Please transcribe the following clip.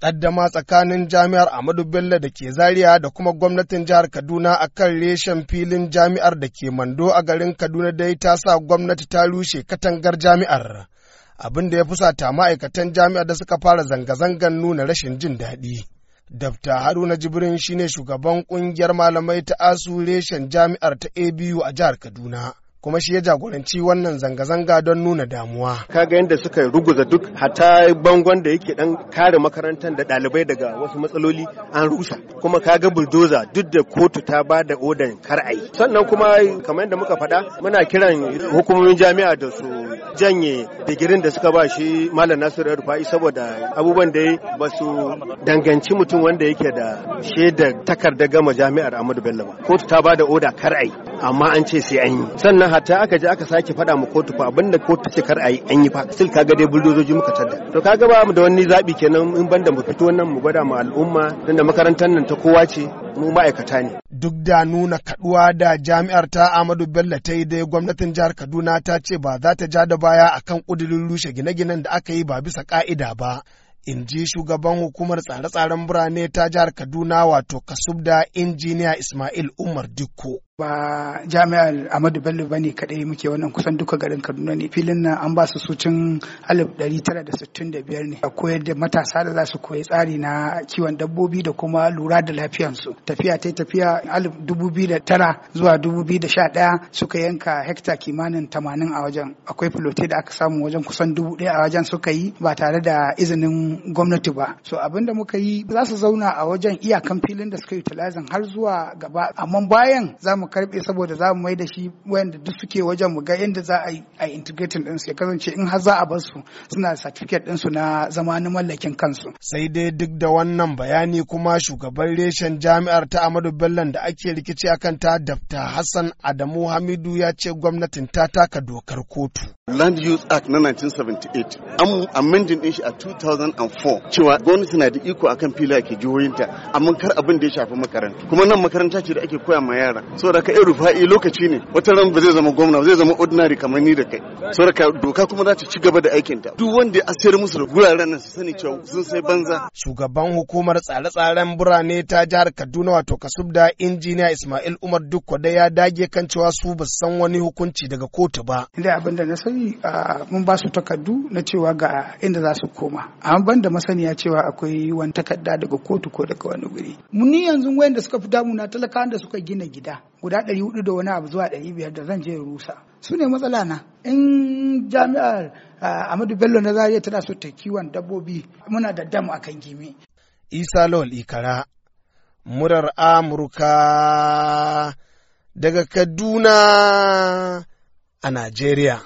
takaddama tsakanin jami'ar Ahmadu Bello da ke Zaria da kuma gwamnatin jihar Kaduna a kan reshen filin jami'ar da ke Mando a garin Kaduna dai ta sa gwamnati ta rushe katangar jami'ar. Abin da ya fusata ma'aikatan jami'ar da suka fara zanga zangan nuna rashin jin daɗi. Dabta Haruna Jibrin shine shugaban ƙungiyar malamai ta asu reshen jami'ar ta ABU a jihar Kaduna. kuma shi ya jagoranci wannan zanga-zanga don nuna damuwa. Kaga yadda suka ruguza duk hata bangon da yake dan kare makarantar da ɗalibai daga wasu matsaloli an rusa. Kuma kaga buldoza duk da kotu ta ba da odan kar'ai Sannan kuma kamar yadda muka faɗa muna kiran hukumomin jami'a da su janye digirin da suka ba shi Malam Nasiru Rufa'i saboda abubuwan da ba su danganci mutum wanda yake da shaidar takardar gama jami'ar Amadu Bello ba. Kotu ta ba da oda kar ai amma an ce sai an yi. Sannan hatta aka je aka sake faɗa mu kotu fa abinda kotu ce kar ai an yi fa. Sil kaga dai buldozoji muka tadda To kaga ba mu da wani zabi kenan in banda mu fito nan mu gwada mu al'umma tunda makarantar nan ta kowa ce mu ma'aikata ne. Duk da nuna kaduwa da jami'ar ta amadu Bello ta yi dai gwamnatin jihar Kaduna ta ce ba za ta ja da ba baya kan ƙudurin rushe gine-ginen da aka yi ba bisa ƙa'ida ba. in ji shugaban hukumar tsare-tsaren birane ta jihar Kaduna wato Kasubda injiniya Ismail Umar Dikko. ba jami'ar Ahmadu Bello ba ne kaɗai muke wannan kusan duka garin Kaduna ne filin nan an ba su sucin cin 1965 ne a koyar da matasa da za su koyi tsari na kiwon dabbobi da kuma lura da lafiyansu tafiya ta tafiya 2009 zuwa 2011 suka yanka hekta kimanin tamanin a wajen akwai filote da aka samu wajen kusan dubu ɗaya a wajen suka yi ba tare da izinin gwamnati ba so abin da muka yi za su zauna a wajen iyakan filin da suka yi har zuwa gaba amma bayan za mu mu saboda za mu mai da shi wayanda duk suke wajen mu ga yadda za a yi a integrating din su ya kasance in har za a bar su suna da certificate din su na zama na mallakin kansu sai dai duk da wannan bayani kuma shugaban reshen jami'ar ta Amadu Bello da ake rikici akan ta Dr. Hassan Adamu Hamidu ya ce gwamnatin ta taka dokar kotu Land Use Act na 1978 an amending din shi a 2004 cewa gwamnati na da iko akan fili ke jihohinta amma kar abin da ya shafi makaranta kuma nan makaranta ce da ake koya ma yara saboda ka irin fa'i lokaci ne wata ran ba zai zama gwamna zai zama ordinary kamar ni da kai saboda ka doka kuma za ta ci gaba da aikin ta duk wanda ya sayar musu da guraren nan su sani cewa sun sai banza shugaban hukumar tsare-tsaren birane ta jihar Kaduna wato Kasubda injiniya Ismail Umar Dukko da ya dage kan cewa su ba san wani hukunci daga kotu ba inda abin na sani akwai mun ba su takardu na cewa ga inda za su koma amma ban da masaniya cewa akwai wani takarda daga kotu ko daga wani guri ni yanzu wayanda suka fi na, talaka da suka gina gida guda ɗari hudu da wani abu zuwa ɗari biyar da zan je rusa su ne matsala na in jami'ar amadu bello na zariya tana so ta kiwon dabbobi muna da dam akan gimi isa lol ikara murar amurka daga kaduna a Najeriya.